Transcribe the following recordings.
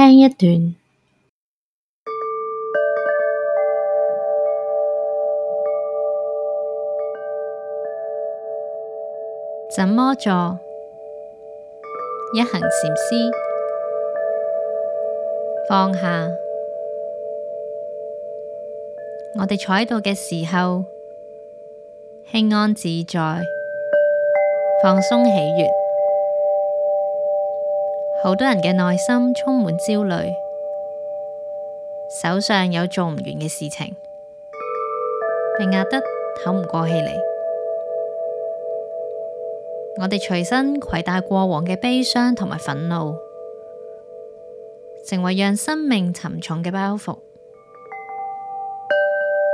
聽一段，怎麼做？一行禪師放下，我哋坐喺度嘅時候，輕安自在，放鬆喜悅。好多人嘅內心充滿焦慮，手上有做唔完嘅事情，被壓得透唔過氣嚟。我哋隨身攜帶過往嘅悲傷同埋憤怒，成為讓生命沉重嘅包袱。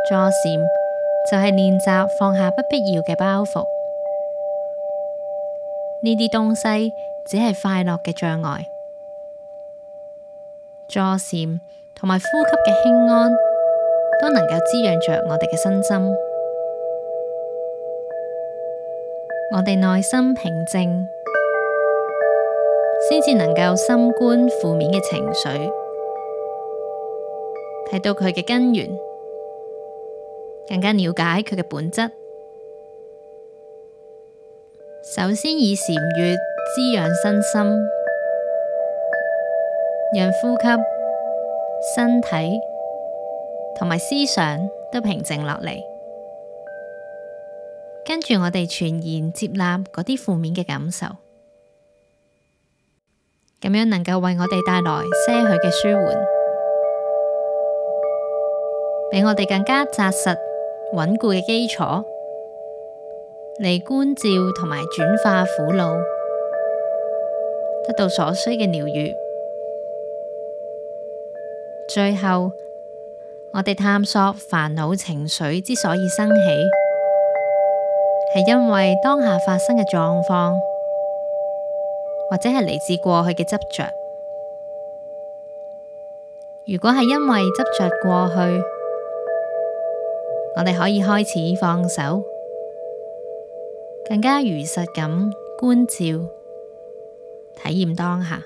坐禪就係練習放下不必要嘅包袱。呢啲東西只係快樂嘅障礙，助禪同埋呼吸嘅輕安都能夠滋養着我哋嘅身心。我哋內心平靜，先至能夠深觀負面嘅情緒，睇到佢嘅根源，更加了解佢嘅本質。首先以禪悦滋養身心，讓呼吸、身體同埋思想都平靜落嚟。跟住我哋全然接納嗰啲負面嘅感受，咁樣能夠為我哋帶來些許嘅舒緩，俾我哋更加紮實穩固嘅基礎。嚟觀照同埋轉化苦惱，得到所需嘅療愈。最後，我哋探索煩惱情緒之所以生起，係因為當下發生嘅狀況，或者係嚟自過去嘅執着。如果係因為執着過去，我哋可以開始放手。更加如實咁觀照，體驗當下。